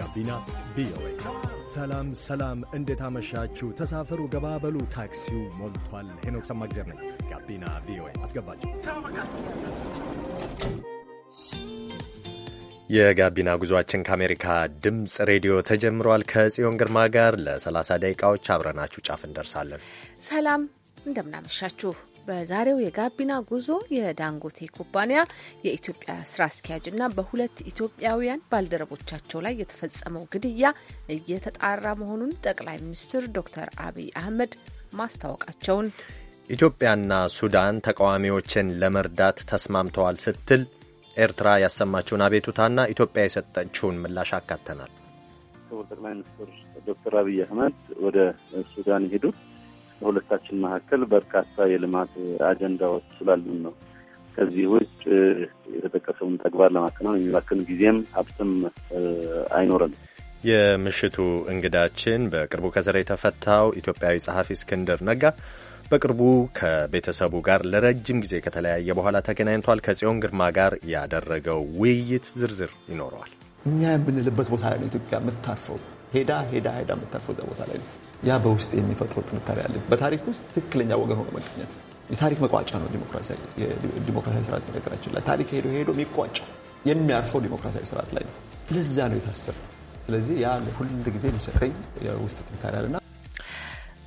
ጋቢና ቪኦኤ። ሰላም ሰላም፣ እንዴት አመሻችሁ? ተሳፈሩ፣ ገባበሉ፣ ታክሲው ሞልቷል። ሄኖክ ሰማግዜር ነኝ። ጋቢና ቪኦኤ አስገባችሁ። የጋቢና ጉዟችን ከአሜሪካ ድምፅ ሬዲዮ ተጀምሯል። ከጽዮን ግርማ ጋር ለ30 ደቂቃዎች አብረናችሁ ጫፍ እንደርሳለን። ሰላም፣ እንደምናመሻችሁ በዛሬው የጋቢና ጉዞ የዳንጎቴ ኩባንያ የኢትዮጵያ ስራ አስኪያጅና በሁለት ኢትዮጵያውያን ባልደረቦቻቸው ላይ የተፈጸመው ግድያ እየተጣራ መሆኑን ጠቅላይ ሚኒስትር ዶክተር አብይ አህመድ ማስታወቃቸውን፣ ኢትዮጵያና ሱዳን ተቃዋሚዎችን ለመርዳት ተስማምተዋል ስትል ኤርትራ ያሰማችውን አቤቱታና ኢትዮጵያ የሰጠችውን ምላሽ አካተናል። ክቡር ጠቅላይ ሚኒስትር ዶክተር አብይ አህመድ ወደ ሱዳን ሄዱት በሁለታችን መካከል በርካታ የልማት አጀንዳዎች ስላሉን ነው። ከዚህ ውጭ የተጠቀሰውን ተግባር ለማከናወን የሚባክን ጊዜም ሀብትም አይኖረንም። የምሽቱ እንግዳችን በቅርቡ ከእስር የተፈታው ኢትዮጵያዊ ጸሐፊ እስክንድር ነጋ በቅርቡ ከቤተሰቡ ጋር ለረጅም ጊዜ ከተለያየ በኋላ ተገናኝቷል። ከጽዮን ግርማ ጋር ያደረገው ውይይት ዝርዝር ይኖረዋል። እኛ የምንልበት ቦታ ላይ ነው ኢትዮጵያ የምታርፈው። ሄዳ ሄዳ ሄዳ የምታርፈው እዛ ቦታ ላይ ነው። ያ በውስጥ የሚፈጥረው ጥንካሬ አለ። በታሪክ ውስጥ ትክክለኛ ወገን ሆኖ መገኘት የታሪክ መቋጫ ነው። ዲሞክራሲያዊ ስርዓት ነገራችን ላይ ታሪክ ሄዶ ሄዶ የሚቋጫው የሚያርፈው ዲሞክራሲያዊ ስርዓት ላይ ነው። ስለዚያ ነው የታሰበ። ስለዚህ ያ ሁል ጊዜ የሚሰጠኝ የውስጥ ጥንካሬ አለና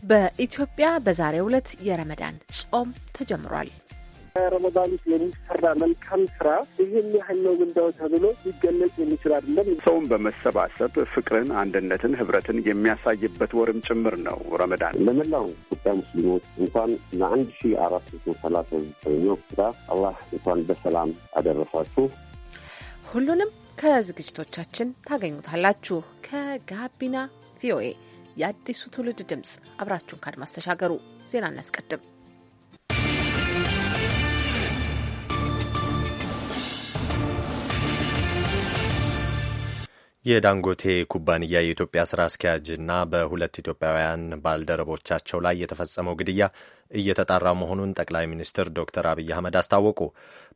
በኢትዮጵያ በዛሬው ዕለት የረመዳን ጾም ተጀምሯል። ረመዳን ውስጥ የሚሰራ መልካም ስራ ይህን ያህል ነው ምንዳው ተብሎ ሊገለጽ የሚችል አይደለም። ሰውን በመሰባሰብ ፍቅርን፣ አንድነትን፣ ህብረትን የሚያሳይበት ወርም ጭምር ነው ረመዳን። ለመላው ኢትዮጵያ ሙስሊሞች እንኳን ለአንድ ሺ አራት መቶ ሰላሳ ዘጠነኛው ስራ አላህ እንኳን በሰላም አደረሳችሁ። ሁሉንም ከዝግጅቶቻችን ታገኙታላችሁ። ከጋቢና ቪኦኤ የአዲሱ ትውልድ ድምፅ አብራችሁን ካድማስ ተሻገሩ። ዜና እናስቀድም። የዳንጎቴ ኩባንያ የኢትዮጵያ ስራ አስኪያጅና በሁለት ኢትዮጵያውያን ባልደረቦቻቸው ላይ የተፈጸመው ግድያ እየተጣራ መሆኑን ጠቅላይ ሚኒስትር ዶክተር አብይ አህመድ አስታወቁ።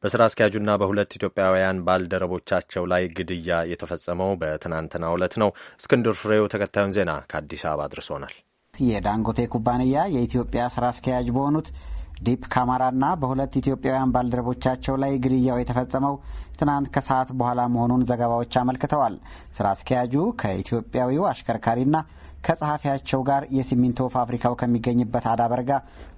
በስራ አስኪያጁና በሁለት ኢትዮጵያውያን ባልደረቦቻቸው ላይ ግድያ የተፈጸመው በትናንትናው ዕለት ነው። እስክንድር ፍሬው ተከታዩን ዜና ከአዲስ አበባ አድርሶናል። የዳንጎቴ ኩባንያ የኢትዮጵያ ስራ አስኪያጅ በሆኑት ዲፕ ካማራና በሁለት ኢትዮጵያውያን ባልደረቦቻቸው ላይ ግድያው የተፈጸመው ትናንት ከሰዓት በኋላ መሆኑን ዘገባዎች አመልክተዋል። ስራ አስኪያጁ ከኢትዮጵያዊው አሽከርካሪና ከጸሐፊያቸው ጋር የሲሚንቶ ፋብሪካው ከሚገኝበት አዳበርጋ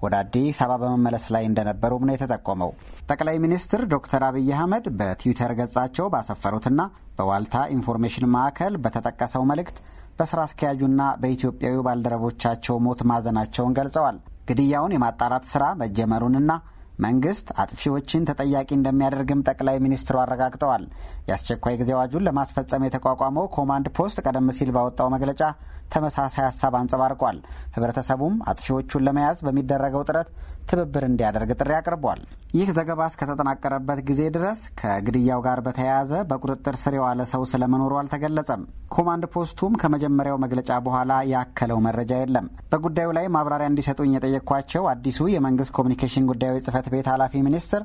ወደ አዲስ አበባ በመመለስ ላይ እንደነበሩም ነው የተጠቆመው። ጠቅላይ ሚኒስትር ዶክተር አብይ አህመድ በትዊተር ገጻቸው ባሰፈሩትና በዋልታ ኢንፎርሜሽን ማዕከል በተጠቀሰው መልእክት በስራ አስኪያጁና በኢትዮጵያዊ ባልደረቦቻቸው ሞት ማዘናቸውን ገልጸዋል። ግድያውን የማጣራት ስራ መጀመሩንና መንግስት አጥፊዎችን ተጠያቂ እንደሚያደርግም ጠቅላይ ሚኒስትሩ አረጋግጠዋል። የአስቸኳይ ጊዜ አዋጁን ለማስፈጸም የተቋቋመው ኮማንድ ፖስት ቀደም ሲል ባወጣው መግለጫ ተመሳሳይ ሀሳብ አንጸባርቋል። ህብረተሰቡም አጥፊዎቹን ለመያዝ በሚደረገው ጥረት ትብብር እንዲያደርግ ጥሪ አቅርቧል። ይህ ዘገባ እስከተጠናቀረበት ጊዜ ድረስ ከግድያው ጋር በተያያዘ በቁጥጥር ስር የዋለ ሰው ስለመኖሩ አልተገለጸም። ኮማንድ ፖስቱም ከመጀመሪያው መግለጫ በኋላ ያከለው መረጃ የለም። በጉዳዩ ላይ ማብራሪያ እንዲሰጡኝ የጠየቅኳቸው አዲሱ የመንግስት ኮሚኒኬሽን ጉዳዮች ጽህፈት ቤት ኃላፊ ሚኒስትር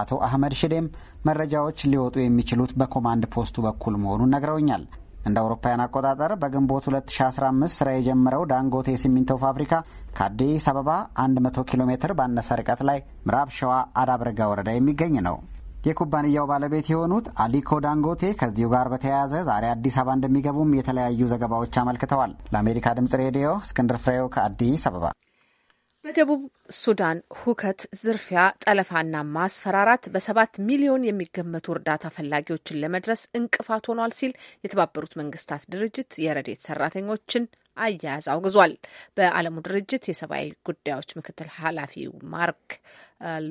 አቶ አህመድ ሽዴም መረጃዎች ሊወጡ የሚችሉት በኮማንድ ፖስቱ በኩል መሆኑን ነግረውኛል። እንደ አውሮፓውያን አቆጣጠር በግንቦት 2015 ስራ የጀመረው ዳንጎቴ ሲሚንቶ ፋብሪካ ከአዲስ አበባ 100 ኪሎ ሜትር ባነሰ ርቀት ላይ ምዕራብ ሸዋ አዳብርጋ ወረዳ የሚገኝ ነው። የኩባንያው ባለቤት የሆኑት አሊኮ ዳንጎቴ ከዚሁ ጋር በተያያዘ ዛሬ አዲስ አበባ እንደሚገቡም የተለያዩ ዘገባዎች አመልክተዋል። ለአሜሪካ ድምጽ ሬዲዮ እስክንድር ፍሬው ከአዲስ አበባ በደቡብ ሱዳን ሁከት፣ ዝርፊያ፣ ጠለፋና ማስፈራራት በሰባት ሚሊዮን የሚገመቱ እርዳታ ፈላጊዎችን ለመድረስ እንቅፋት ሆኗል ሲል የተባበሩት መንግስታት ድርጅት የረዴት ሰራተኞችን አያያዝ አውግዟል። በዓለሙ ድርጅት የሰብአዊ ጉዳዮች ምክትል ኃላፊ ማርክ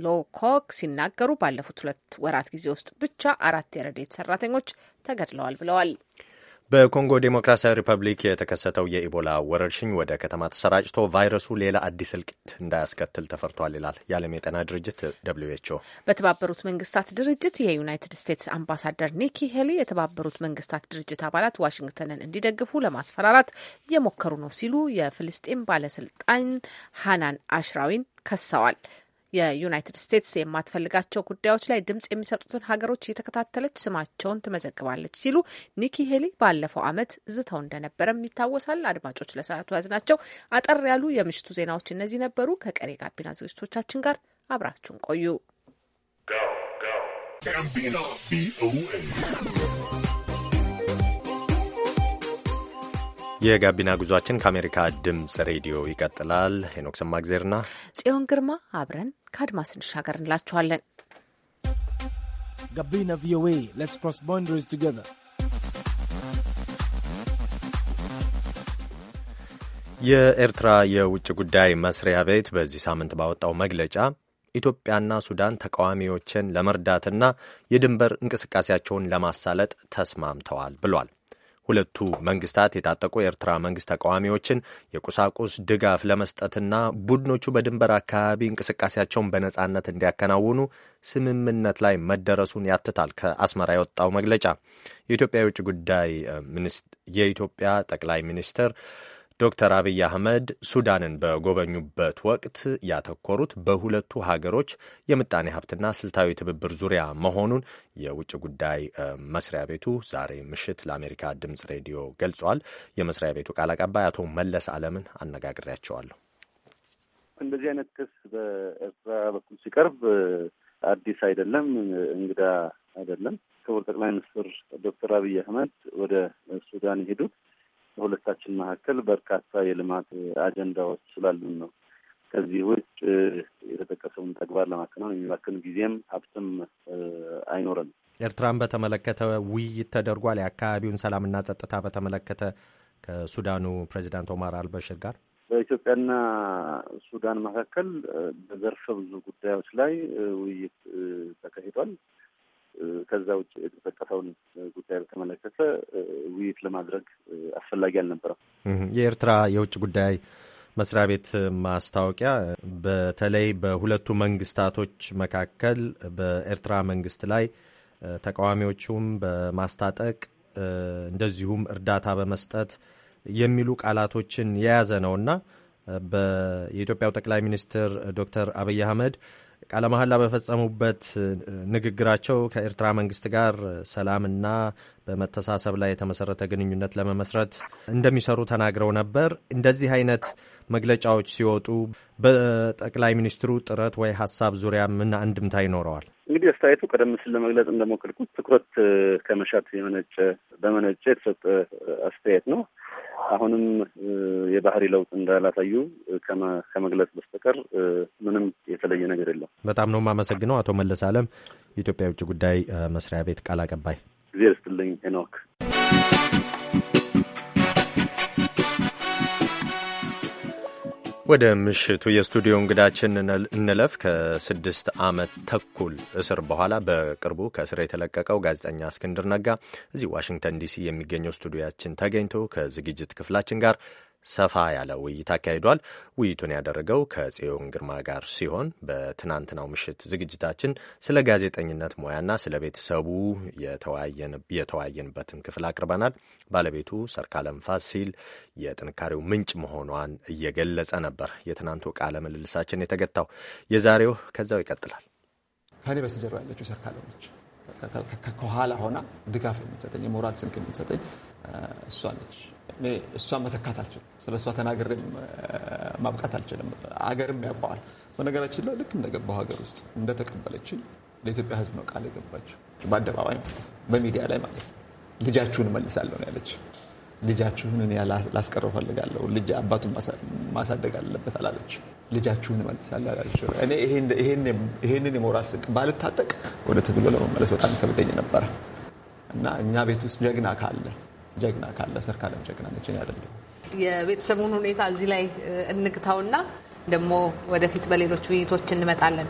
ሎኮክ ሲናገሩ ባለፉት ሁለት ወራት ጊዜ ውስጥ ብቻ አራት የረዴት ሰራተኞች ተገድለዋል ብለዋል። በኮንጎ ዴሞክራሲያዊ ሪፐብሊክ የተከሰተው የኢቦላ ወረርሽኝ ወደ ከተማ ተሰራጭቶ ቫይረሱ ሌላ አዲስ እልቂት እንዳያስከትል ተፈርቷል ይላል የዓለም የጤና ድርጅት ደብልዩ ኤች ኦ። በተባበሩት መንግስታት ድርጅት የዩናይትድ ስቴትስ አምባሳደር ኒኪ ሄሊ የተባበሩት መንግስታት ድርጅት አባላት ዋሽንግተንን እንዲደግፉ ለማስፈራራት እየሞከሩ ነው ሲሉ የፍልስጤም ባለስልጣን ሃናን አሽራዊን ከሰዋል። የዩናይትድ ስቴትስ የማትፈልጋቸው ጉዳዮች ላይ ድምጽ የሚሰጡትን ሀገሮች እየተከታተለች ስማቸውን ትመዘግባለች ሲሉ ኒኪ ሄሊ ባለፈው ዓመት ዝተው እንደነበረም ይታወሳል። አድማጮች፣ ለሰዓቱ ያዝናቸው አጠር ያሉ የምሽቱ ዜናዎች እነዚህ ነበሩ። ከቀሬ ጋቢና ዝግጅቶቻችን ጋር አብራችሁን ቆዩ። የጋቢና ጉዟችን ከአሜሪካ ድምፅ ሬዲዮ ይቀጥላል። ሄኖክ ሰማግዜርና ጽዮን ግርማ አብረን ከአድማስ እንሻገር እንላችኋለን። ጋቢና ቪኦኤ ሌትስ ክሮስ ቦንደሪስ ቱጌዘር። የኤርትራ የውጭ ጉዳይ መስሪያ ቤት በዚህ ሳምንት ባወጣው መግለጫ ኢትዮጵያና ሱዳን ተቃዋሚዎችን ለመርዳትና የድንበር እንቅስቃሴያቸውን ለማሳለጥ ተስማምተዋል ብሏል። ሁለቱ መንግስታት የታጠቁ የኤርትራ መንግስት ተቃዋሚዎችን የቁሳቁስ ድጋፍ ለመስጠትና ቡድኖቹ በድንበር አካባቢ እንቅስቃሴያቸውን በነጻነት እንዲያከናውኑ ስምምነት ላይ መደረሱን ያትታል ከአስመራ የወጣው መግለጫ። የኢትዮጵያ የውጭ ጉዳይ የኢትዮጵያ ጠቅላይ ሚኒስትር ዶክተር አብይ አህመድ ሱዳንን በጎበኙበት ወቅት ያተኮሩት በሁለቱ ሀገሮች የምጣኔ ሀብትና ስልታዊ ትብብር ዙሪያ መሆኑን የውጭ ጉዳይ መስሪያ ቤቱ ዛሬ ምሽት ለአሜሪካ ድምፅ ሬዲዮ ገልጿል። የመስሪያ ቤቱ ቃል አቀባይ አቶ መለስ አለምን አነጋግሬያቸዋለሁ። እንደዚህ አይነት ክስ በኤርትራ በኩል ሲቀርብ አዲስ አይደለም፣ እንግዳ አይደለም። ክቡር ጠቅላይ ሚኒስትር ዶክተር አብይ አህመድ ወደ ሱዳን የሄዱት በሁለታችን መካከል በርካታ የልማት አጀንዳዎች ስላሉን ነው። ከዚህ ውጭ የተጠቀሰውን ተግባር ለማከናወን የሚባክን ጊዜም ሀብትም አይኖረንም። ኤርትራን በተመለከተ ውይይት ተደርጓል። የአካባቢውን ሰላምና ጸጥታ በተመለከተ ከሱዳኑ ፕሬዚዳንት ኦማር አልበሽር ጋር በኢትዮጵያና ሱዳን መካከል በዘርፈ ብዙ ጉዳዮች ላይ ውይይት ተካሂዷል። ከዛ ውጭ የተጠቀሰውን ጉዳይ በተመለከተ ውይይት ለማድረግ አስፈላጊ አልነበረም። የኤርትራ የውጭ ጉዳይ መስሪያ ቤት ማስታወቂያ በተለይ በሁለቱ መንግስታቶች መካከል በኤርትራ መንግስት ላይ ተቃዋሚዎቹም በማስታጠቅ እንደዚሁም እርዳታ በመስጠት የሚሉ ቃላቶችን የያዘ ነውና በየኢትዮጵያው ጠቅላይ ሚኒስትር ዶክተር አብይ አህመድ ቃለ መሐላ በፈጸሙበት ንግግራቸው ከኤርትራ መንግስት ጋር ሰላምና በመተሳሰብ ላይ የተመሰረተ ግንኙነት ለመመስረት እንደሚሰሩ ተናግረው ነበር። እንደዚህ አይነት መግለጫዎች ሲወጡ በጠቅላይ ሚኒስትሩ ጥረት ወይ ሀሳብ ዙሪያ ምን አንድምታ ይኖረዋል? እንግዲህ አስተያየቱ ቀደም ሲል ለመግለጽ እንደሞከርኩት ትኩረት ከመሻት የመነጨ በመነጨ የተሰጠ አስተያየት ነው። አሁንም የባህሪ ለውጥ እንዳላሳዩ ከመግለጽ በስተቀር ምንም የተለየ ነገር የለም። በጣም ነው የማመሰግነው አቶ መለስ አለም፣ የኢትዮጵያ የውጭ ጉዳይ መስሪያ ቤት ቃል አቀባይ። ጊዜ ስትልኝ ሄኖክ ወደ ምሽቱ የስቱዲዮ እንግዳችን እንለፍ። ከስድስት ዓመት ተኩል እስር በኋላ በቅርቡ ከእስር የተለቀቀው ጋዜጠኛ እስክንድር ነጋ እዚህ ዋሽንግተን ዲሲ የሚገኘው ስቱዲዮያችን ተገኝቶ ከዝግጅት ክፍላችን ጋር ሰፋ ያለ ውይይት አካሂዷል። ውይይቱን ያደረገው ከጽዮን ግርማ ጋር ሲሆን በትናንትናው ምሽት ዝግጅታችን ስለ ጋዜጠኝነት ሙያና ስለ ቤተሰቡ የተወያየንበትን ክፍል አቅርበናል። ባለቤቱ ሰርካለም ፋሲል የጥንካሬው ምንጭ መሆኗን እየገለጸ ነበር የትናንቱ ቃለ ምልልሳችን የተገታው። የዛሬው ከዛው ይቀጥላል። ከኔ በስተጀርባ ያለችው ሰርካለም ነች። ከኋላ ሆና ድጋፍ የምትሰጠኝ የሞራል ስንቅ የምትሰጠኝ እሷ ነች። እሷን መተካት አልችልም። ስለ እሷ ተናግሬ ማብቃት አልችልም። አገርም ያውቀዋል። በነገራችን ላይ ልክ እንደገባው ሀገር ውስጥ እንደተቀበለችን ለኢትዮጵያ ሕዝብ ነው ቃል የገባችው። በአደባባይ ማለት ነው፣ በሚዲያ ላይ ማለት ነው። ልጃችሁን መልሳለሁ ነው ያለች። ልጃችሁን እኔ ላስቀረ ፈልጋለሁ፣ ልጅ አባቱን ማሳደግ አለበት አላለች። ልጃችሁን እመልሳለሁ አላለች። እኔ ይሄንን የሞራል ስንቅ ባልታጠቅ ወደ ትግሉ ለመመለስ በጣም ከብደኝ ነበረ እና እኛ ቤት ውስጥ ጀግና ካለ ጀግና ካለ ሰርካለም ጀግና ነች። እኔ የቤተሰቡን ሁኔታ እዚህ ላይ እንግታውና ደግሞ ወደፊት በሌሎች ውይይቶች እንመጣለን።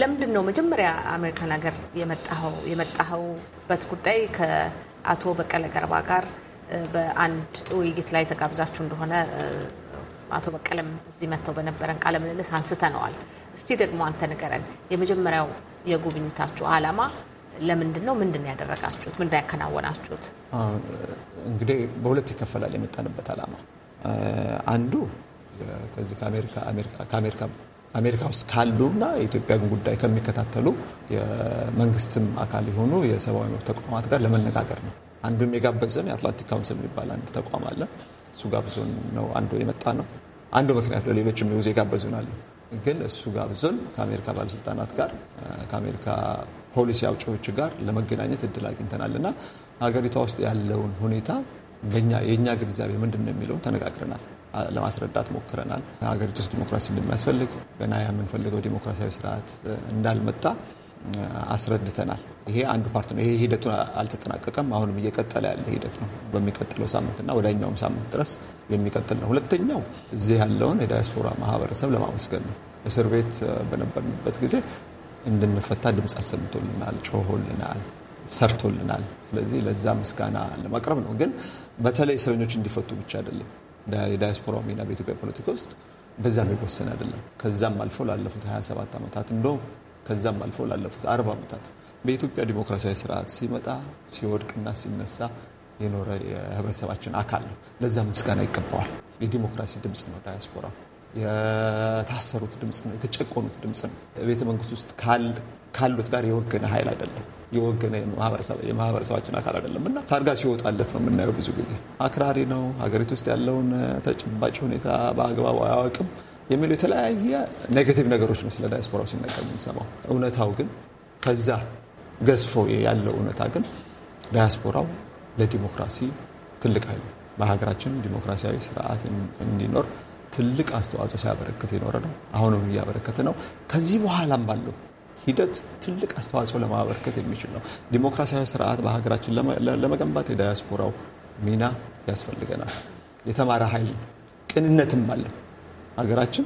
ለምንድን ነው መጀመሪያ አሜሪካን ሀገር የመጣኸውበት ጉዳይ ከአቶ በቀለ ገርባ ጋር በአንድ ውይይት ላይ ተጋብዛችሁ እንደሆነ አቶ በቀለም እዚህ መጥተው በነበረን ቃለ ምልልስ አንስተነዋል። እስቲ ደግሞ አንተ ንገረን፣ የመጀመሪያው የጉብኝታችሁ ዓላማ ለምንድን ነው? ምንድን ያደረጋችሁት? ምንድን ያከናወናችሁት? እንግዲህ በሁለት ይከፈላል የመጣንበት ዓላማ። አንዱ ከዚህ ከአሜሪካ አሜሪካ ውስጥ ካሉና የኢትዮጵያን ጉዳይ ከሚከታተሉ የመንግስትም አካል የሆኑ የሰብአዊ መብት ተቋማት ጋር ለመነጋገር ነው። አንዱም የጋበዘን የአትላንቲክ ካውንስል የሚባል አንድ ተቋም አለ። እሱ ጋብዞን ነው አንዱ የመጣ ነው። አንዱ ምክንያት ለሌሎችም ብዙ አለ። ግን እሱ ጋብዞን ከአሜሪካ ባለስልጣናት ጋር ከአሜሪካ ፖሊሲ አውጪዎች ጋር ለመገናኘት እድል አግኝተናል እና ሀገሪቷ ውስጥ ያለውን ሁኔታ የእኛ ግንዛቤ ምንድን ነው የሚለውን ተነጋግረናል፣ ለማስረዳት ሞክረናል። ሀገሪቱ ውስጥ ዲሞክራሲ እንደሚያስፈልግ ገና የምንፈልገው ዲሞክራሲያዊ ስርዓት እንዳልመጣ አስረድተናል። ይሄ አንዱ ፓርት ነው። ይሄ ሂደቱን አልተጠናቀቀም። አሁንም እየቀጠለ ያለ ሂደት ነው። በሚቀጥለው ሳምንትና ወዳኛውም ሳምንት ድረስ የሚቀጥል ነው። ሁለተኛው እዚህ ያለውን የዳያስፖራ ማህበረሰብ ለማመስገን ነው። እስር ቤት በነበርንበት ጊዜ እንድንፈታ ድምፅ አሰምቶልናል፣ ጮሆልናል፣ ሰርቶልናል። ስለዚህ ለዛ ምስጋና ለማቅረብ ነው። ግን በተለይ እስረኞች እንዲፈቱ ብቻ አይደለም የዳያስፖራ ሚና በኢትዮጵያ ፖለቲካ ውስጥ በዛም የሚወሰን አይደለም። ከዛም አልፎ ላለፉት 27 ዓመታት እንደውም ከዛም አልፎ ላለፉት 40 ዓመታት በኢትዮጵያ ዲሞክራሲያዊ ስርዓት ሲመጣ ሲወድቅና ሲነሳ የኖረ የህብረተሰባችን አካል ነው። ለዛ ምስጋና ይገባዋል። የዲሞክራሲ ድምፅ ነው ዳያስፖራ። የታሰሩት ድምፅ ነው፣ የተጨቆኑት ድምፅ ነው። ቤተ መንግስት ውስጥ ካሉት ጋር የወገነ ኃይል አይደለም፣ የወገነ የማህበረሰባችን አካል አይደለም እና ታርጋ ሲወጣለት ነው የምናየው። ብዙ ጊዜ አክራሪ ነው፣ ሀገሪቱ ውስጥ ያለውን ተጨባጭ ሁኔታ በአግባቡ አያወቅም የሚሉ የተለያየ ኔጌቲቭ ነገሮች ነው ስለ ዳያስፖራው ሲነገር የምንሰማው። እውነታው ግን ከዛ ገዝፎ ያለው እውነታ ግን ዳያስፖራው ለዲሞክራሲ ትልቅ ኃይል በሀገራችን ዲሞክራሲያዊ ስርዓት እንዲኖር ትልቅ አስተዋጽኦ ሲያበረክት የኖረ ነው። አሁንም እያበረከተ ነው። ከዚህ በኋላም ባለው ሂደት ትልቅ አስተዋጽኦ ለማበረከት የሚችል ነው። ዲሞክራሲያዊ ስርዓት በሀገራችን ለመገንባት የዳያስፖራው ሚና ያስፈልገናል። የተማረ ኃይል ቅንነትም አለ። ሀገራችን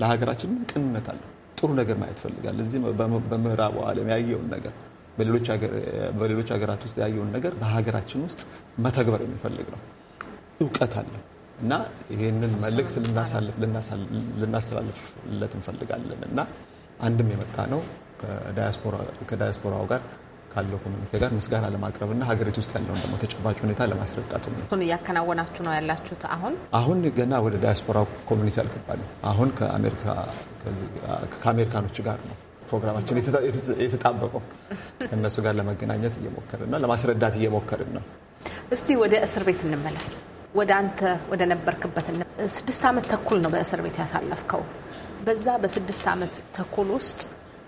ለሀገራችን ቅንነት አለ። ጥሩ ነገር ማየት ፈልጋል። እዚህ በምዕራቡ ዓለም ያየውን ነገር በሌሎች ሀገራት ውስጥ ያየውን ነገር በሀገራችን ውስጥ መተግበር የሚፈልግ ነው። እውቀት አለው። እና ይህንን መልእክት ልናስተላልፍለት እንፈልጋለን እና አንድም የመጣ ነው ከዳያስፖራው ጋር ካለው ኮሚኒቲ ጋር ምስጋና ለማቅረብ እና ሀገሪቱ ውስጥ ያለውን ደግሞ ተጨባጭ ሁኔታ ለማስረዳት ነው። እሱን እያከናወናችሁ ነው ያላችሁት። አሁን አሁን ገና ወደ ዳያስፖራ ኮሚኒቲ አልገባንም። አሁን ከአሜሪካኖች ጋር ነው ፕሮግራማችን የተጣበቀው። ከእነሱ ጋር ለመገናኘት እየሞከርን እና ለማስረዳት እየሞከርን ነው። እስቲ ወደ እስር ቤት እንመለስ። ወደ አንተ ወደ ነበርክበት ስድስት ዓመት ተኩል ነው በእስር ቤት ያሳለፍከው። በዛ በስድስት ዓመት ተኩል ውስጥ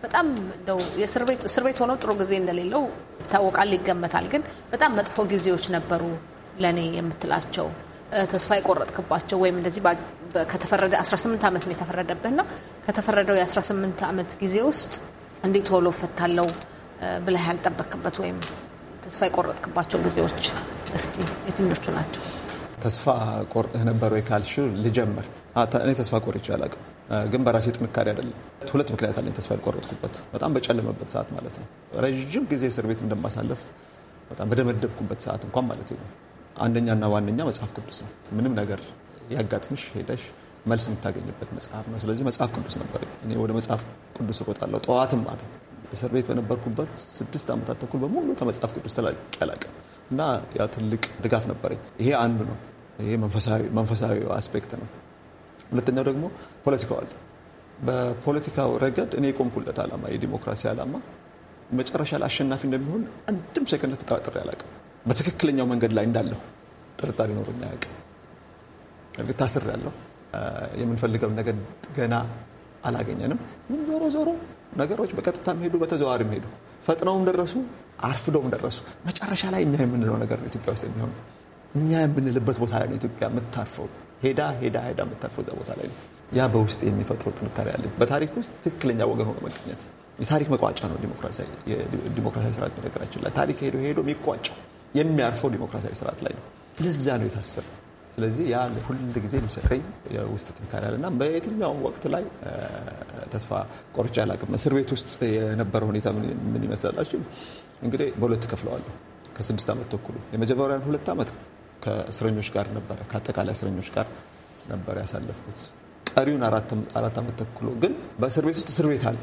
በጣም እንደው የእስር ቤት እስር ቤት ሆነው ጥሩ ጊዜ እንደሌለው ይታወቃል፣ ይገመታል። ግን በጣም መጥፎ ጊዜዎች ነበሩ ለእኔ የምትላቸው ተስፋ የቆረጥክባቸው ወይም እንደዚህ ከተፈረደ 18 ዓመት ነው የተፈረደብህና ከተፈረደው የ18 ዓመት ጊዜ ውስጥ እንዴት ቶሎ እፈታለሁ ብለህ ያልጠበክበት ወይም ተስፋ የቆረጥክባቸው ጊዜዎች እስቲ የትኞቹ ናቸው? ተስፋ ቆርጠህ ነበር ወይ ካልሽ ልጀምር። እኔ ተስፋ ቆርጬ አላውቅም፣ ግን በራሴ ጥንካሬ አይደለም። ሁለት ምክንያት አለኝ ተስፋ ያልቆረጥኩበት። በጣም በጨለመበት ሰዓት ማለት ነው። ረዥም ጊዜ እስር ቤት እንደማሳለፍ በጣም በደመደብኩበት ሰዓት እንኳን ማለት ነው። አንደኛና ዋነኛ መጽሐፍ ቅዱስ ነው። ምንም ነገር ያጋጥምሽ ሄደሽ መልስ የምታገኝበት መጽሐፍ ነው። ስለዚህ መጽሐፍ ቅዱስ ነበር። እኔ ወደ መጽሐፍ ቅዱስ እሮጣለሁ ጠዋትም ማታ። እስር ቤት በነበርኩበት ስድስት ዓመታት ተኩል በሙሉ ከመጽሐፍ ቅዱስ ተላቅ ያላቀ እና ያ ትልቅ ድጋፍ ነበረኝ። ይሄ አንዱ ነው። ይሄ መንፈሳዊ አስፔክት ነው። ሁለተኛው ደግሞ ፖለቲካው አለ። በፖለቲካው ረገድ እኔ የቆምኩለት ዓላማ የዲሞክራሲ ዓላማ መጨረሻ ላይ አሸናፊ እንደሚሆን አንድም ሴከንድ ተጠራጥሬ አላውቅም። በትክክለኛው መንገድ ላይ እንዳለሁ ጥርጣሬ ኖሮኝ አያውቅም። እርግጥ ታስሬያለሁ። የምንፈልገውን ነገር ገና አላገኘንም። ግን ዞሮ ዞሮ ነገሮች በቀጥታ ሄዱ፣ በተዘዋሪ ሄዱ። ፈጥነውም ደረሱ፣ አርፍዶም ደረሱ። መጨረሻ ላይ እኛ የምንለው ነገር ነው ኢትዮጵያ ውስጥ የሚሆነው እኛ የምንልበት ቦታ ላይ ነው ኢትዮጵያ የምታርፈው። ሄዳ ሄዳ ሄዳ የምታርፈው እዛ ቦታ ላይ ነው። ያ በውስጥ የሚፈጥረው ጥንካሬ አለ። በታሪክ ውስጥ ትክክለኛ ወገን ሆኖ መገኘት የታሪክ መቋጫ ነው ዲሞክራሲያዊ ስርዓት። ነገራችን ላይ ታሪክ ሄዶ ሄዶ የሚቋጫው የሚያርፈው ዲሞክራሲያዊ ስርዓት ላይ ነው። ለዛ ነው የታሰበ። ስለዚህ ያ ሁል ጊዜ የሚሰጠኝ የውስጥ ጥንካሬ አለ እና በየትኛውም ወቅት ላይ ተስፋ ቆርጬ አላውቅም። እስር ቤት ውስጥ የነበረ ሁኔታ ምን ይመስላላችሁ? እንግዲህ በሁለት ከፍለዋለሁ። ከስድስት ዓመት ተኩሉ የመጀመሪያን ሁለት ዓመት ከእስረኞች ጋር ነበረ ከአጠቃላይ እስረኞች ጋር ነበረ ያሳለፍኩት። ቀሪውን አራት ዓመት ተኩሎ ግን በእስር ቤት ውስጥ እስር ቤት አለ።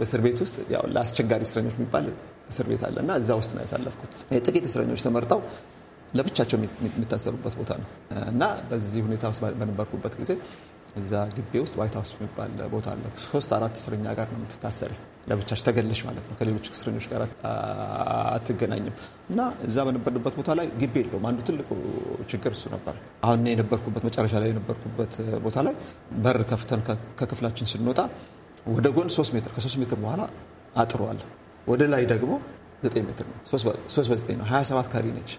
በእስር ቤት ውስጥ ለአስቸጋሪ እስረኞች የሚባል እስር ቤት አለ እና እዛ ውስጥ ነው ያሳለፍኩት። ጥቂት እስረኞች ተመርጠው ለብቻቸው የሚታሰሩበት ቦታ ነው እና በዚህ ሁኔታ ውስጥ በነበርኩበት ጊዜ እዛ ግቢ ውስጥ ዋይት ሀውስ የሚባል ቦታ አለ። ሶስት አራት እስረኛ ጋር ነው የምትታሰሪ፣ ለብቻሽ ተገለሽ ማለት ነው። ከሌሎች እስረኞች ጋር አትገናኝም። እና እዛ በነበርንበት ቦታ ላይ ግቢ የለውም። አንዱ ትልቁ ችግር እሱ ነበር። አሁን የነበርኩበት መጨረሻ ላይ የነበርኩበት ቦታ ላይ በር ከፍተን ከክፍላችን ስንወጣ ወደ ጎን ሶስት ሜትር ከሶስት ሜትር በኋላ አጥሯል። ወደ ላይ ደግሞ ዘጠኝ ሜትር ነው። ሶስት በዘጠኝ ነው። ሀያ ሰባት ካሪ ነች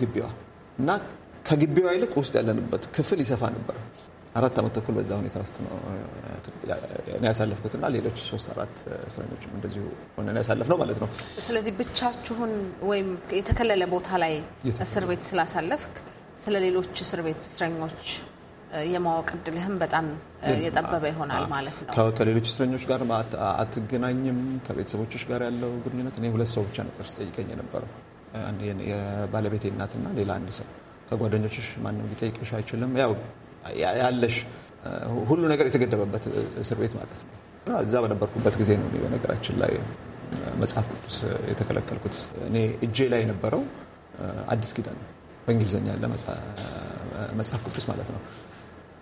ግቢዋ እና ከግቢዋ ይልቅ ውስጥ ያለንበት ክፍል ይሰፋ ነበር። አራት ዓመት ተኩል በዛ ሁኔታ ውስጥ ነው ያሳለፍኩትና ሌሎች ሶስት አራት እስረኞችም እንደዚሁ ሆነን ነው ማለት ነው። ስለዚህ ብቻችሁን ወይም የተከለለ ቦታ ላይ እስር ቤት ስላሳለፍክ ስለ ሌሎች እስር ቤት እስረኞች የማወቅ እድልህም በጣም የጠበበ ይሆናል ማለት ነው። ከሌሎች እስረኞች ጋር አትገናኝም። ከቤተሰቦች ጋር ያለው ግንኙነት እኔ ሁለት ሰው ብቻ ነበር ስጠይቀኝ የነበረው የባለቤቴ እናትና ሌላ አንድ ሰው ከጓደኞችሽ ማንም ሊጠይቅሽ አይችልም። ያው ያለሽ ሁሉ ነገር የተገደበበት እስር ቤት ማለት ነው። እዛ በነበርኩበት ጊዜ ነው በነገራችን ላይ መጽሐፍ ቅዱስ የተከለከልኩት። እኔ እጄ ላይ የነበረው አዲስ ኪዳን ነው፣ በእንግሊዝኛ ያለ መጽሐፍ ቅዱስ ማለት ነው።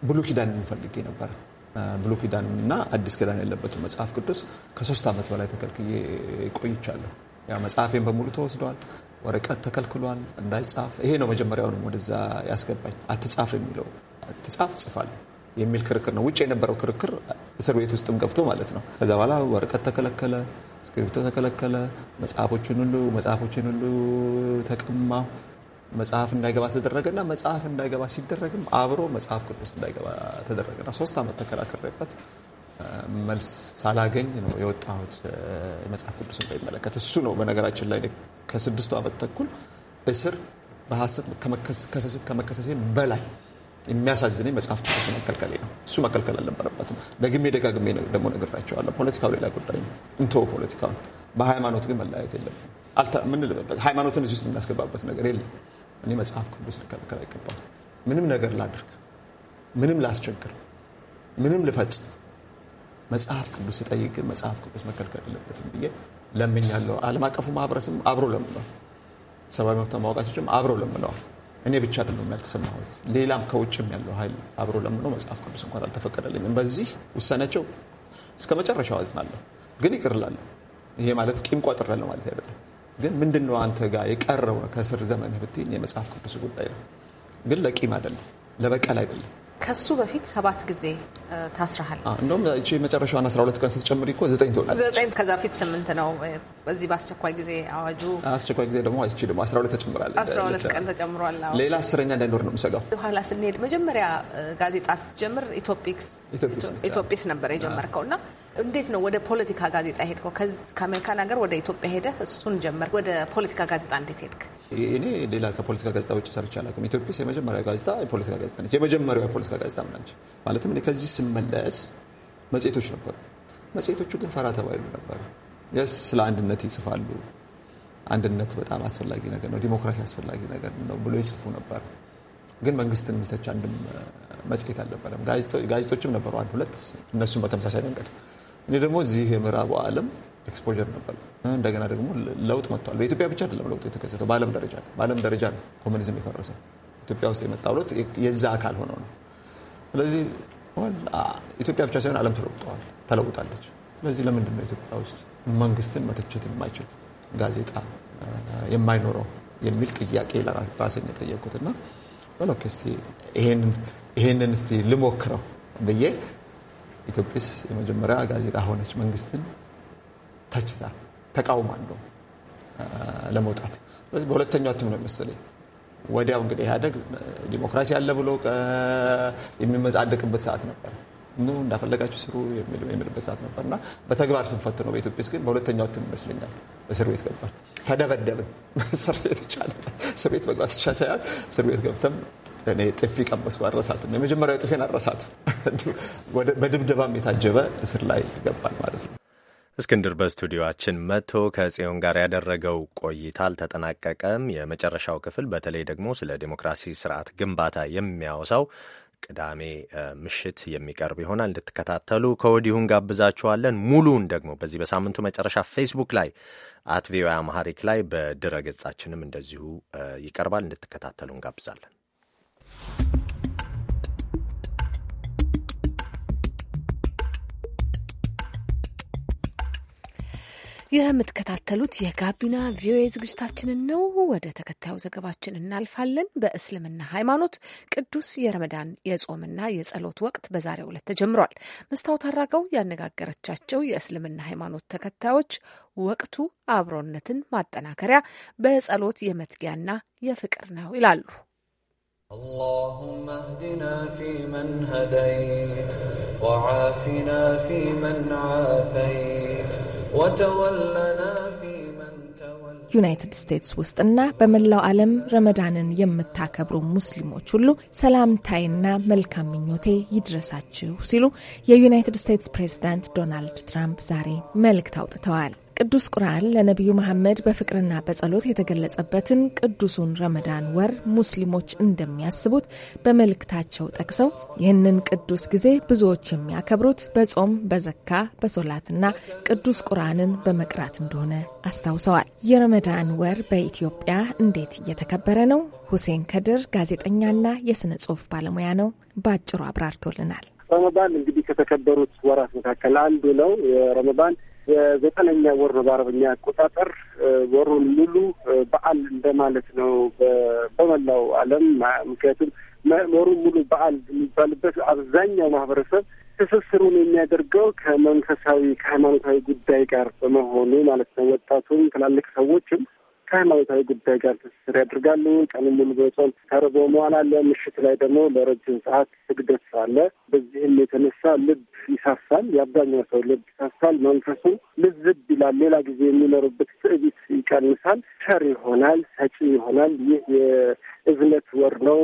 ብሉ ኪዳን የምፈልጌ ነበረ። ብሉ ኪዳን እና አዲስ ኪዳን ያለበት መጽሐፍ ቅዱስ ከሶስት ዓመት በላይ ተከልክዬ ቆይቻለሁ። ያ መጽሐፌን በሙሉ ተወስደዋል። ወረቀት ተከልክሏል እንዳይጻፍ። ይሄ ነው መጀመሪያውንም ወደዛ ያስገባኝ አትጻፍ የሚለው አትጻፍ ጽፋል የሚል ክርክር ነው። ውጭ የነበረው ክርክር እስር ቤት ውስጥም ገብቶ ማለት ነው። ከዛ በኋላ ወረቀት ተከለከለ፣ እስክሪብቶ ተከለከለ፣ መጽሐፎችን ሁሉ መጽሐፎችን ሁሉ ተቀማ፣ መጽሐፍ እንዳይገባ ተደረገና መጽሐፍ እንዳይገባ ሲደረግም አብሮ መጽሐፍ ቅዱስ እንዳይገባ ተደረገና ሶስት ዓመት ተከራክሬበት መልስ ሳላገኝ ነው የወጣሁት። መጽሐፍ ቅዱስ እንዳይመለከት እሱ ነው በነገራችን ላይ ከስድስቱ ዓመት ተኩል እስር በሀሰት ከመከሰሴን በላይ የሚያሳዝነኝ መጽሐፍ ቅዱስ መከልከሌ ነው። እሱ መከልከል አልነበረበትም። ደግሜ ደጋግሜ ደግሞ ነግራቸዋለሁ። ፖለቲካው ሌላ ጉዳይ ነው። እንቶ ፖለቲካው በሃይማኖት ግን መለያየት የለም። ምንልበበት ሃይማኖትን እዚህ ውስጥ የምናስገባበት ነገር የለም። እኔ መጽሐፍ ቅዱስ ልከለከል አይገባም። ምንም ነገር ላድርግ፣ ምንም ላስቸግር፣ ምንም ልፈጽም መጽሐፍ ቅዱስ ስጠይቅ ግን መጽሐፍ ቅዱስ መከልከል የለበትም ብዬ ለምኛለሁ። ዓለም አቀፉ ማህበረሰብ አብሮ ለምነዋል። ሰብአዊ መብት ማወቃቶችም አብረው ለምነዋል። እኔ ብቻ አይደለም ያልተሰማሁት፣ ሌላም ከውጭም ያለው ኃይል አብሮ ለምኖ መጽሐፍ ቅዱስ እንኳን አልተፈቀደልኝም። በዚህ ውሳኔያቸው እስከ መጨረሻው አዝናለሁ፣ ግን ይቅር እላለሁ። ይሄ ማለት ቂም ቋጥሬያለሁ ማለት አይደለም። ግን ምንድን ነው አንተ ጋር የቀረው ከስር ዘመንህ ብትይኝ የመጽሐፍ ቅዱስ ጉዳይ ነው። ግን ለቂም አይደለም፣ ለበቀል አይደለም ከሱ በፊት ሰባት ጊዜ ታስረሃል። እንደውም እቺ የመጨረሻዋን 12 ቀን ስትጨምር እኮ ዘጠኝ ትሆናለች። ከዛ ፊት ስምንት ነው። በዚህ በአስቸኳይ ጊዜ አዋጁ አስቸኳይ ጊዜ ደግሞ አይቺ ደግሞ 12 ተጨምራለች። 12 ቀን ተጨምሯል። ሌላ አስረኛ እንዳይኖር ነው የምሰጋው። ኋላ ስንሄድ መጀመሪያ ጋዜጣ ስትጀምር ኢትዮጵስ ነበር የጀመርከው እና እንዴት ነው ወደ ፖለቲካ ጋዜጣ ሄድከው? ከአሜሪካን ሀገር ወደ ኢትዮጵያ ሄደህ እሱን ጀመርክ። ወደ ፖለቲካ ጋዜጣ እንዴት ሄድክ? እኔ ሌላ ከፖለቲካ ጋዜጣ ውጭ ሰርቼ አላውቅም። ኢትዮጵያ የመጀመሪያ ጋዜጣ የፖለቲካ ጋዜጣ ነች። የመጀመሪያው የፖለቲካ ጋዜጣ ምናች ማለትም እኔ ከዚህ ስመለስ መጽሔቶች ነበሩ። መጽሔቶቹ ግን ፈራ ተባይሉ ነበሩ። የስ ስለ አንድነት ይጽፋሉ። አንድነት በጣም አስፈላጊ ነገር ነው፣ ዲሞክራሲ አስፈላጊ ነገር ነው ብሎ ይጽፉ ነበር። ግን መንግስትን የሚተች አንድም መጽሔት አልነበረም። ጋዜጦችም ነበሩ አንድ ሁለት፣ እነሱም በተመሳሳይ መንገድ። እኔ ደግሞ እዚህ የምዕራቡ ዓለም ኤክስፖዠር ነበር። እንደገና ደግሞ ለውጥ መጥቷል። በኢትዮጵያ ብቻ አይደለም ለውጥ የተከሰተው፣ በዓለም ደረጃ ነው። በዓለም ደረጃ ነው ኮሚኒዝም የፈረሰው። ኢትዮጵያ ውስጥ የመጣው ለውጥ የዛ አካል ሆነው ነው። ስለዚህ ኢትዮጵያ ብቻ ሳይሆን ዓለም ተለውጠዋል፣ ተለውጣለች። ስለዚህ ለምንድን ነው ኢትዮጵያ ውስጥ መንግስትን መተቸት የማይችል ጋዜጣ የማይኖረው የሚል ጥያቄ ራሴን የጠየቁት እና ስ ይሄንን ስ ልሞክረው ብዬ ኢትዮጵስ የመጀመሪያ ጋዜጣ ሆነች መንግስትን ተችታ ተቃውማለሁ ለመውጣት። ስለዚህ በሁለተኛው እትም ነው መሰለኝ ወዲያው እንግዲህ ኢህአደግ ዲሞክራሲ አለ ብሎ የሚመጻደቅበት ሰዓት ነበር። ኑ እንዳፈለጋችሁ ስሩ የሚልበት ሰዓት ነበር እና በተግባር ስንፈት ነው። በኢትዮጵያ ውስጥ ግን በሁለተኛው እትም ይመስለኛል እስር ቤት ገባል። ተደበደብን። እስር ቤት ይቻል እስር ቤት መግባት ይቻ ሳይሆን እስር ቤት ገብተም እኔ ጥፊ ቀመስኩ። አረሳትም የመጀመሪያው ጥፌን አረሳትም። በድብደባም የታጀበ እስር ላይ ገባል ማለት ነው። እስክንድር በስቱዲዮችን መጥቶ ከጽዮን ጋር ያደረገው ቆይታ አልተጠናቀቀም። የመጨረሻው ክፍል በተለይ ደግሞ ስለ ዴሞክራሲ ስርዓት ግንባታ የሚያወሳው ቅዳሜ ምሽት የሚቀርብ ይሆናል። እንድትከታተሉ ከወዲሁ እንጋብዛችኋለን። ሙሉውን ደግሞ በዚህ በሳምንቱ መጨረሻ ፌስቡክ ላይ አት ቪኦኤ አማሃሪክ ላይ በድረ ገጻችንም እንደዚሁ ይቀርባል። እንድትከታተሉ እንጋብዛለን። የምትከታተሉት የጋቢና ቪኦኤ ዝግጅታችንን ነው። ወደ ተከታዩ ዘገባችን እናልፋለን። በእስልምና ሃይማኖት ቅዱስ የረመዳን የጾምና የጸሎት ወቅት በዛሬው ዕለት ተጀምሯል። መስታወት አራጋው ያነጋገረቻቸው የእስልምና ሃይማኖት ተከታዮች ወቅቱ አብሮነትን ማጠናከሪያ፣ በጸሎት የመትጊያና የፍቅር ነው ይላሉ። اللهم اهدنا فيمن هديت وعافنا فيمن عافيت ዩናይትድ ስቴትስ ውስጥና በመላው ዓለም ረመዳንን የምታከብሩ ሙስሊሞች ሁሉ ሰላምታይና መልካም ምኞቴ ይድረሳችሁ ሲሉ የዩናይትድ ስቴትስ ፕሬዝዳንት ዶናልድ ትራምፕ ዛሬ መልእክት አውጥተዋል። ቅዱስ ቁርአን ለነቢዩ መሐመድ በፍቅርና በጸሎት የተገለጸበትን ቅዱሱን ረመዳን ወር ሙስሊሞች እንደሚያስቡት በመልእክታቸው ጠቅሰው ይህንን ቅዱስ ጊዜ ብዙዎች የሚያከብሩት በጾም፣ በዘካ፣ በሶላትና ቅዱስ ቁርአንን በመቅራት እንደሆነ አስታውሰዋል። የረመዳን ወር በኢትዮጵያ እንዴት እየተከበረ ነው? ሁሴን ከድር ጋዜጠኛና የሥነ ጽሑፍ ባለሙያ ነው። በአጭሩ አብራርቶልናል። ረመዳን እንግዲህ ከተከበሩት ወራት መካከል አንዱ ነው። የረመዳን በዘጠነኛ ወር ነው በአረበኛ አቆጣጠር። ወሩን ሙሉ በዓል እንደማለት ነው በመላው ዓለም። ምክንያቱም ወሩን ሙሉ በዓል የሚባልበት አብዛኛው ማህበረሰብ ትስስሩን የሚያደርገው ከመንፈሳዊ ከሃይማኖታዊ ጉዳይ ጋር በመሆኑ ማለት ነው። ወጣቱም ትላልቅ ሰዎችም ከሃይማኖታዊ ጉዳይ ጋር ትስስር ያደርጋሉ። ቀኑን ሙሉ በጾም ተርቦ መዋል አለ። ምሽት ላይ ደግሞ ለረጅም ሰዓት ስግደት አለ። በዚህም የተነሳ ልብ ይሳሳል። የአብዛኛው ሰው ልብ ይሳሳል። መንፈሱ ልዝብ ይላል። ሌላ ጊዜ የሚኖርበት ትዕቢት ይቀንሳል። ሸር ይሆናል፣ ሰጪ ይሆናል። ይህ የእዝነት ወር ነው።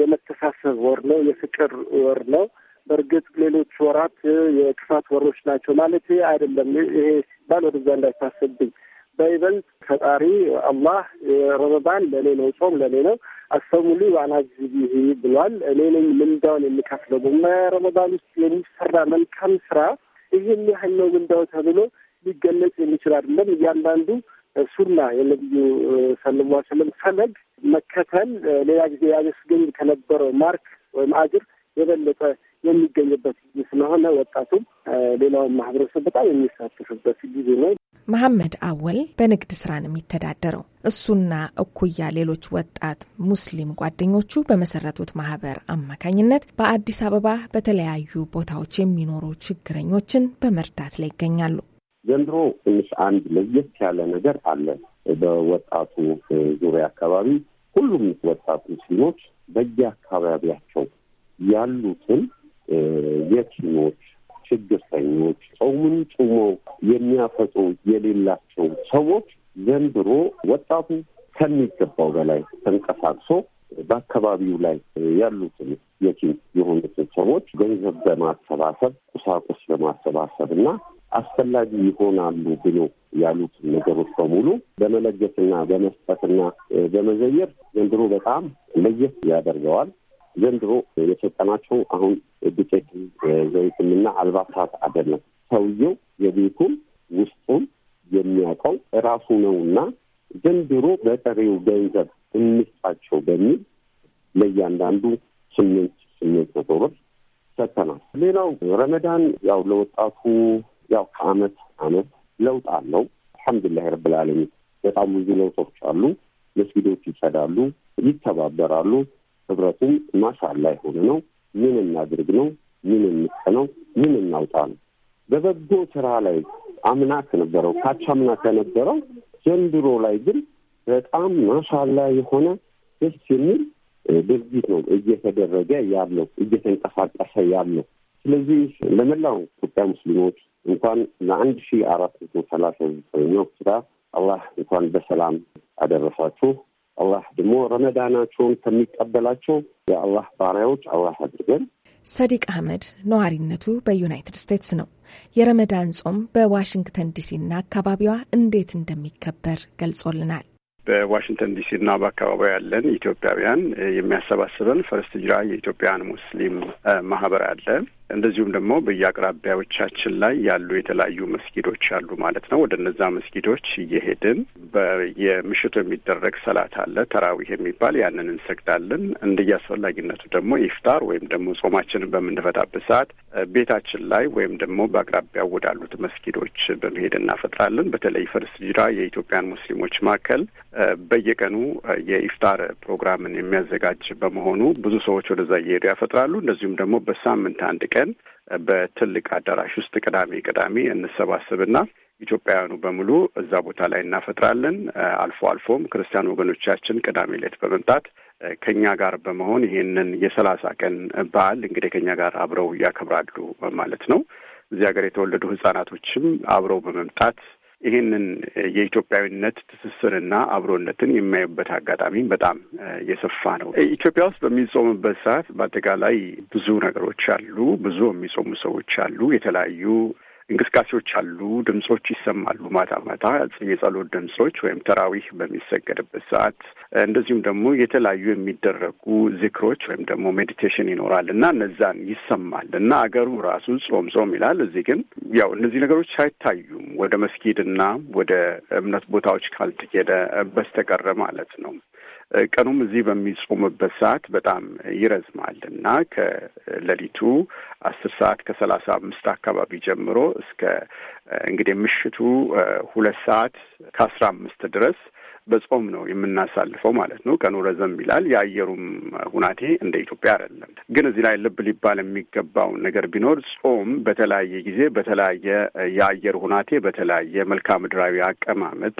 የመተሳሰብ ወር ነው። የፍቅር ወር ነው። በእርግጥ ሌሎች ወራት የክፋት ወሮች ናቸው ማለት አይደለም። ይሄ ባል ወደዛ እንዳይታሰብኝ በይበልጥ ፈጣሪ አላህ ረመዳን ለእኔ ነው፣ ጾም ለእኔ ነው፣ አሰሙሉ ዋና ጊዜ ብሏል። እኔ ነኝ ምንዳውን የሚከፍለው በረመዳን ውስጥ የሚሰራ መልካም ስራ ይህን ያህል ነው ምንዳው ተብሎ ሊገለጽ የሚችል አይደለም። እያንዳንዱ ሱና የነቢዩ ሰለላሁ ዐለይሂ ወሰለም ፈለግ መከተል ሌላ ጊዜ ያገስገኝ ከነበረው ማርክ ወይም አጅር የበለጠ የሚገኝበት ጊዜ ስለሆነ ወጣቱም ሌላውን ማህበረሰብ በጣም የሚሳተፍበት ጊዜ ነው። መሐመድ አወል በንግድ ስራ ነው የሚተዳደረው። እሱና እኩያ ሌሎች ወጣት ሙስሊም ጓደኞቹ በመሰረቱት ማህበር አማካኝነት በአዲስ አበባ በተለያዩ ቦታዎች የሚኖሩ ችግረኞችን በመርዳት ላይ ይገኛሉ። ዘንድሮ ትንሽ አንድ ለየት ያለ ነገር አለ። በወጣቱ ዙሪያ አካባቢ ሁሉም ወጣት ሙስሊሞች በየአካባቢያቸው ያሉትን የኪኖች ችግርተኞች፣ ጾሙን ጾመው የሚያፈጡ የሌላቸው ሰዎች ዘንድሮ ወጣቱ ከሚገባው በላይ ተንቀሳቅሶ በአካባቢው ላይ ያሉትን የኪን የሆኑትን ሰዎች ገንዘብ በማሰባሰብ ቁሳቁስ በማሰባሰብ እና አስፈላጊ ይሆናሉ ብሎ ያሉትን ነገሮች በሙሉ በመለገስና በመስጠትና በመዘየር ዘንድሮ በጣም ለየት ያደርገዋል። ዘንድሮ የሰጠናቸው አሁን ዱቄት ዘይትምና አልባሳት አይደለም። ሰውየው የቤቱን ውስጡን የሚያውቀው እራሱ እና ዘንድሮ በጥሬው ገንዘብ እንስጣቸው በሚል ለእያንዳንዱ ስምንት ስምንት መቶ ብር ሰጥተናል። ሌላው ረመዳን ያው ለወጣቱ ያው ከአመት አመት ለውጥ አለው። አልሐምዱሊላህ ረብል ዓለሚን በጣም ብዙ ለውጦች አሉ። መስጊዶች ይሰዳሉ ይተባበራሉ። ህብረቱም ማሻላ የሆነ ነው። ምን እናድርግ ነው፣ ምን እንጠ ነው፣ ምን እናውጣ ነው። በበጎ ስራ ላይ አምና ከነበረው ካቻ አምና ከነበረው ዘንድሮ ላይ ግን በጣም ማሻላ የሆነ ደስ የሚል ድርጊት ነው እየተደረገ ያለው እየተንቀሳቀሰ ያለው። ስለዚህ ለመላው ኢትዮጵያ ሙስሊሞች እንኳን ለአንድ ሺ አራት መቶ ሰላሳ ዘጠኛው ስራ አላህ እንኳን በሰላም አደረሳችሁ። አላህ ደግሞ ረመዳናቸውን ከሚቀበላቸው የአላህ ባሪያዎች አላህ አድርገን። ሰዲቅ አህመድ ነዋሪነቱ በዩናይትድ ስቴትስ ነው። የረመዳን ጾም በዋሽንግተን ዲሲና አካባቢዋ እንዴት እንደሚከበር ገልጾልናል። በዋሽንግተን ዲሲና በአካባቢው ያለን ኢትዮጵያውያን የሚያሰባስበን ፈርስት ጅራ የኢትዮጵያን ሙስሊም ማህበር አለ። እንደዚሁም ደግሞ በየአቅራቢያዎቻችን ላይ ያሉ የተለያዩ መስጊዶች አሉ ማለት ነው። ወደ እነዛ መስጊዶች እየሄድን በየምሽቱ የሚደረግ ሰላት አለ ተራዊህ የሚባል ያንን እንሰግዳለን። እንደየአስፈላጊነቱ ደግሞ ኢፍጣር ወይም ደግሞ ጾማችንን በምንፈታበት ሰዓት ቤታችን ላይ ወይም ደግሞ በአቅራቢያው ወዳሉት መስጊዶች በመሄድ እናፈጥራለን። በተለይ ፈርስ ጅራ የኢትዮጵያን ሙስሊሞች ማዕከል በየቀኑ የኢፍጣር ፕሮግራምን የሚያዘጋጅ በመሆኑ ብዙ ሰዎች ወደዛ እየሄዱ ያፈጥራሉ። እንደዚሁም ደግሞ በሳምንት አንድ ቀን ቀን በትልቅ አዳራሽ ውስጥ ቅዳሜ ቅዳሜ እንሰባሰብና ኢትዮጵያውያኑ በሙሉ እዛ ቦታ ላይ እናፈጥራለን። አልፎ አልፎም ክርስቲያን ወገኖቻችን ቅዳሜ ሌት በመምጣት ከኛ ጋር በመሆን ይህንን የሰላሳ ቀን በዓል እንግዲህ ከኛ ጋር አብረው ያከብራሉ ማለት ነው። እዚህ ሀገር የተወለዱ ህጻናቶችም አብረው በመምጣት ይህንን የኢትዮጵያዊነት ትስስርና አብሮነትን የሚያዩበት አጋጣሚ በጣም የሰፋ ነው። ኢትዮጵያ ውስጥ በሚጾምበት ሰዓት በአጠቃላይ ብዙ ነገሮች አሉ። ብዙ የሚጾሙ ሰዎች አሉ። የተለያዩ እንቅስቃሴዎች አሉ። ድምፆች ይሰማሉ። ማታ ማታ የጸሎት ድምፆች ወይም ተራዊህ በሚሰገድበት ሰዓት እንደዚሁም ደግሞ የተለያዩ የሚደረጉ ዝክሮች ወይም ደግሞ ሜዲቴሽን ይኖራል እና እነዛን ይሰማል እና አገሩ ራሱ ጾም ጾም ይላል። እዚህ ግን ያው እነዚህ ነገሮች አይታዩም ወደ መስጊድና ወደ እምነት ቦታዎች ካልተሄደ በስተቀረ ማለት ነው። ቀኑም እዚህ በሚጾምበት ሰዓት በጣም ይረዝማል እና ከሌሊቱ አስር ሰዓት ከሰላሳ አምስት አካባቢ ጀምሮ እስከ እንግዲህ ምሽቱ ሁለት ሰዓት ከአስራ አምስት ድረስ በጾም ነው የምናሳልፈው ማለት ነው። ቀኑ ረዘም ይላል። የአየሩም ሁናቴ እንደ ኢትዮጵያ አይደለም። ግን እዚህ ላይ ልብ ሊባል የሚገባው ነገር ቢኖር ጾም በተለያየ ጊዜ በተለያየ የአየር ሁናቴ በተለያየ መልክዓ ምድራዊ አቀማመጥ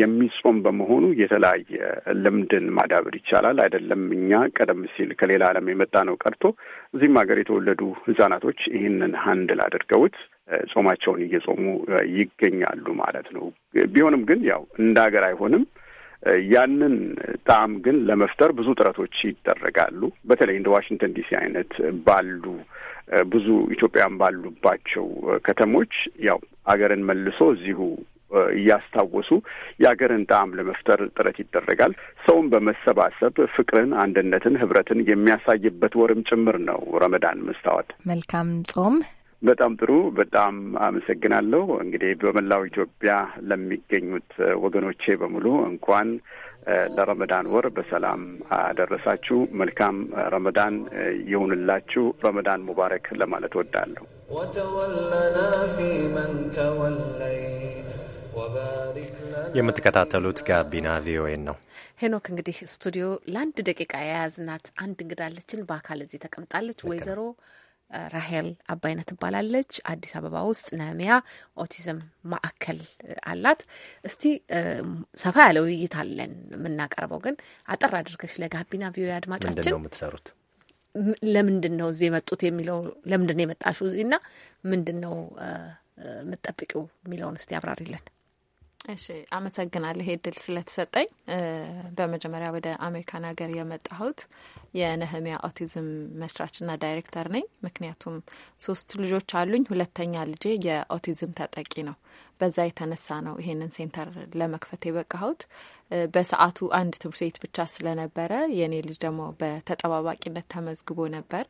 የሚጾም በመሆኑ የተለያየ ልምድን ማዳበር ይቻላል። አይደለም እኛ ቀደም ሲል ከሌላ ዓለም የመጣ ነው ቀርቶ እዚህም ሀገር የተወለዱ ህጻናቶች ይህንን ሀንድል አድርገውት ጾማቸውን እየጾሙ ይገኛሉ ማለት ነው። ቢሆንም ግን ያው እንደ ሀገር አይሆንም። ያንን ጣዕም ግን ለመፍጠር ብዙ ጥረቶች ይደረጋሉ። በተለይ እንደ ዋሽንግተን ዲሲ አይነት ባሉ ብዙ ኢትዮጵያን ባሉባቸው ከተሞች ያው አገርን መልሶ እዚሁ እያስታወሱ የአገርን ጣዕም ለመፍጠር ጥረት ይደረጋል። ሰውን በመሰባሰብ ፍቅርን፣ አንድነትን፣ ህብረትን የሚያሳይበት ወርም ጭምር ነው ረመዳን መስታወት። መልካም ጾም። በጣም ጥሩ። በጣም አመሰግናለሁ። እንግዲህ በመላው ኢትዮጵያ ለሚገኙት ወገኖቼ በሙሉ እንኳን ለረመዳን ወር በሰላም አደረሳችሁ። መልካም ረመዳን ይሁንላችሁ። ረመዳን ሙባረክ ለማለት ወዳለሁ። የምትከታተሉት ጋቢና ቪኦኤን ነው። ሄኖክ እንግዲህ ስቱዲዮ ለአንድ ደቂቃ የያዝናት አንድ እንግዳለችን በአካል እዚህ ተቀምጣለች። ወይዘሮ ራሄል አባይነት ትባላለች። አዲስ አበባ ውስጥ ነሚያ ኦቲዝም ማዕከል አላት። እስቲ ሰፋ ያለ ውይይት አለን የምናቀርበው፣ ግን አጠር አድርገሽ ለጋቢና ቪዮ አድማጫችን ምንድን ነው የምትሰሩት? ለምንድን ነው እዚህ የመጡት የሚለው ለምንድን ነው የመጣሽው እዚህና ምንድን ነው የምጠብቂው የሚለውን እስቲ አብራሪለን። እሺ አመሰግናለሁ፣ ይሄ እድል ስለተሰጠኝ። በመጀመሪያ ወደ አሜሪካን ሀገር የመጣሁት የነህሚያ ኦቲዝም መስራችና ዳይሬክተር ነኝ። ምክንያቱም ሶስት ልጆች አሉኝ። ሁለተኛ ልጄ የኦቲዝም ተጠቂ ነው። በዛ የተነሳ ነው ይሄንን ሴንተር ለመክፈት የበቃሁት። በሰዓቱ አንድ ትምህርት ቤት ብቻ ስለነበረ የእኔ ልጅ ደግሞ በተጠባባቂነት ተመዝግቦ ነበር።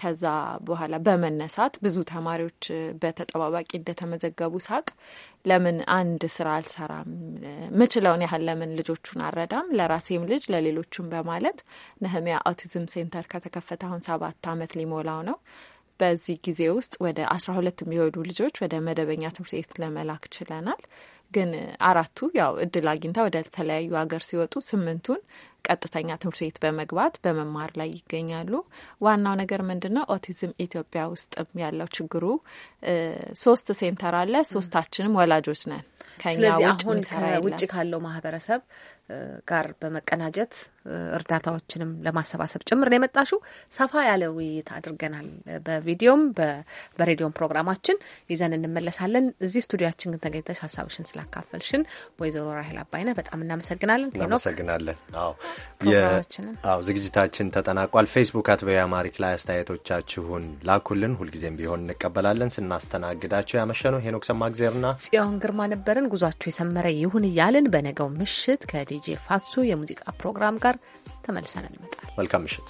ከዛ በኋላ በመነሳት ብዙ ተማሪዎች በተጠባባቂ እንደተመዘገቡ ሳቅ ለምን አንድ ስራ አልሰራም? ምችለውን ያህል ለምን ልጆቹን አረዳም? ለራሴም ልጅ ለሌሎቹም በማለት ነህሚያ አውቲዝም ሴንተር ከተከፈተ አሁን ሰባት ዓመት ሊሞላው ነው። በዚህ ጊዜ ውስጥ ወደ አስራ ሁለት የሚሆኑ ልጆች ወደ መደበኛ ትምህርት ቤት ለመላክ ችለናል። ግን አራቱ ያው እድል አግኝታ ወደ ተለያዩ ሀገር ሲወጡ ስምንቱን ቀጥተኛ ትምህርት ቤት በመግባት በመማር ላይ ይገኛሉ። ዋናው ነገር ምንድን ነው? ኦቲዝም ኢትዮጵያ ውስጥ ያለው ችግሩ ሶስት ሴንተር አለ። ሶስታችንም ወላጆች ነን። ከኛ ውጭ ካለው ማህበረሰብ ጋር በመቀናጀት እርዳታዎችንም ለማሰባሰብ ጭምር ነው የመጣሹ። ሰፋ ያለ ውይይት አድርገናል። በቪዲዮም በሬዲዮም ፕሮግራማችን ይዘን እንመለሳለን። እዚህ ስቱዲያችን ግን ተገኝተሽ ሀሳብሽን ስላካፈልሽን ወይዘሮ ራሄል አባይነ በጣም እናመሰግናለን። እናመሰግናለን። አዎ ዝግጅታችን ተጠናቋል። ፌስቡክ አት ቪኦኤ አማሪክ ላይ አስተያየቶቻችሁን ላኩልን። ሁልጊዜም ቢሆን እንቀበላለን። ስናስተናግዳቸው ያመሸነው ሄኖክ ሰማግዜርና ጽዮን ግርማ ነበርን። ጉዟችሁ የሰመረ ይሁን እያልን በነገው ምሽት ከዲ ዲጄ ፋሱ የሙዚቃ ፕሮግራም ጋር ተመልሰን እንመጣል። መልካም ምሽት።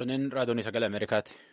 Suniin raadioon sagale gara Ameerikaati.